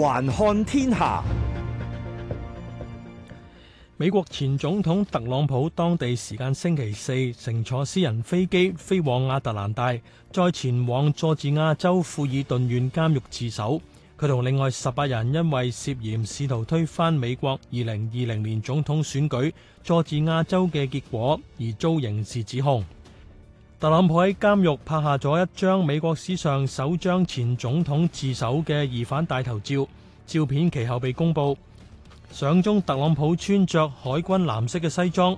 環看天下，美國前總統特朗普當地時間星期四乘坐私人飛機飛往亞特蘭大，再前往佐治亞州富爾頓縣監獄自首。佢同另外十八人因為涉嫌試圖推翻美國二零二零年總統選舉佐治亞州嘅結果而遭刑事指控。特朗普喺監獄拍下咗一張美國史上首張前總統自首嘅疑犯大頭照，照片其後被公布。相中特朗普穿着海軍藍色嘅西裝，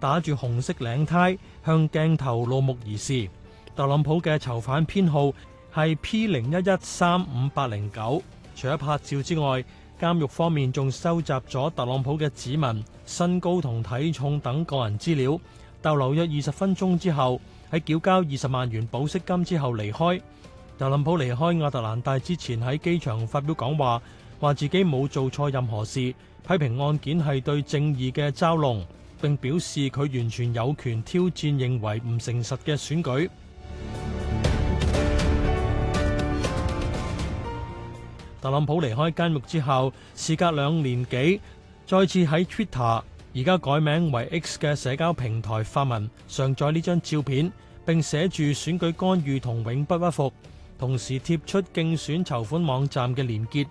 打住紅色領呔，向鏡頭怒目而視。特朗普嘅囚犯編號係 P 零一一三五八零九。除咗拍照之外，監獄方面仲收集咗特朗普嘅指紋、身高同體重等個人資料。逗留約二十分鐘之後，喺繳交二十萬元保釋金之後離開。特朗普離開亞特蘭大之前喺機場發表講話，話自己冇做錯任何事，批評案件係對正義嘅嘲弄，並表示佢完全有權挑戰認為唔誠實嘅選舉。 特朗普離開監獄之後，事隔兩年幾，再次喺 Twitter 而家改名為 X 嘅社交平台發文，上載呢張照片，並寫住選舉干預同永不屈服，同時貼出競選籌款網站嘅連結。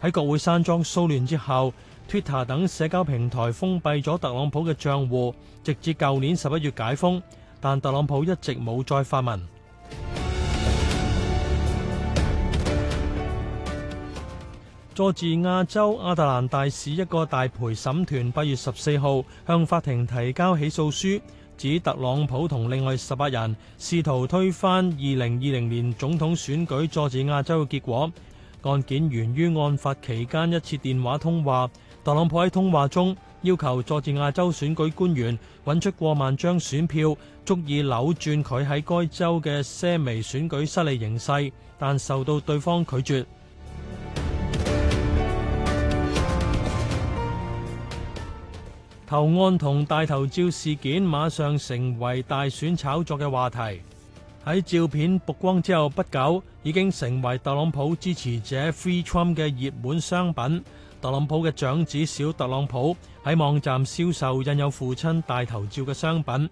喺國會山莊騷亂之後，Twitter 等社交平台封閉咗特朗普嘅賬戶，直至舊年十一月解封，但特朗普一直冇再發文。佐治亞州亞特蘭大市一個大陪審團八月十四號向法庭提交起訴書，指特朗普同另外十八人試圖推翻二零二零年總統選舉佐治亞州嘅結果。案件源於案發期間一次電話通話，特朗普喺通話中要求佐治亞州選舉官員揾出過萬張選票，足以扭轉佢喺該州嘅些微選舉失利形勢，但受到對方拒絕。投案同大頭照事件馬上成為大選炒作嘅話題。喺照片曝光之後不久，已經成為特朗普支持者 Free Trump 嘅熱門商品。特朗普嘅長子小特朗普喺網站銷售印有父親大頭照嘅商品。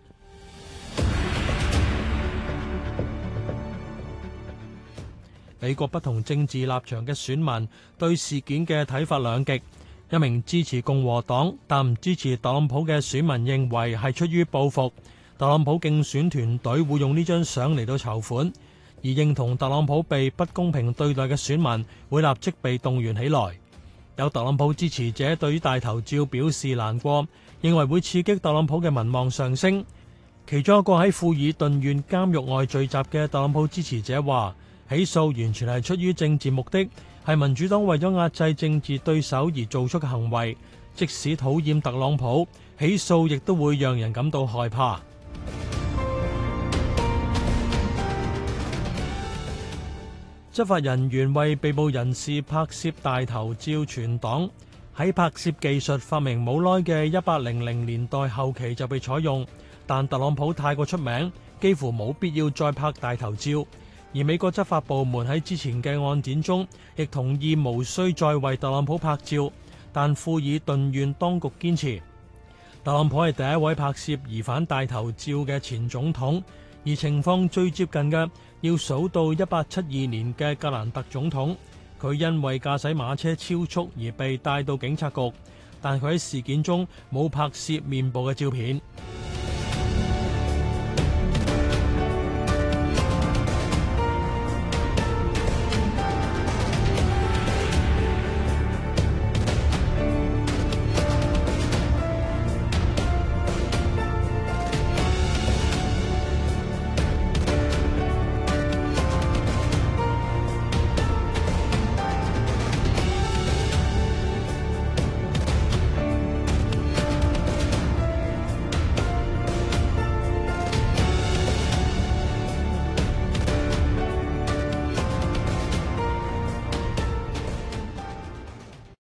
美國不同政治立場嘅選民對事件嘅睇法兩極。一名支持共和黨，但唔支持特朗普嘅選民認為係出於報復，特朗普競選團隊會用呢張相嚟到籌款，而認同特朗普被不公平對待嘅選民會立即被動員起來，有特朗普支持者對於大頭照表示難過，認為會刺激特朗普嘅民望上升。其中一個喺富爾頓縣監獄外聚集嘅特朗普支持者話：起訴完全係出於政治目的。係民主黨為咗壓制政治對手而做出嘅行為，即使討厭特朗普，起訴亦都會讓人感到害怕。 執法人員為被捕人士拍攝大頭照存檔，喺拍攝技術發明冇耐嘅一八零零年代後期就被採用，但特朗普太過出名，幾乎冇必要再拍大頭照。而美國執法部門喺之前嘅案件中，亦同意無需再為特朗普拍照，但富爾頓縣當局堅持，特朗普係第一位拍攝疑犯大頭照嘅前總統。而情況最接近嘅，要數到一八七二年嘅格蘭特總統，佢因為駕駛馬車超速而被帶到警察局，但佢喺事件中冇拍攝面部嘅照片。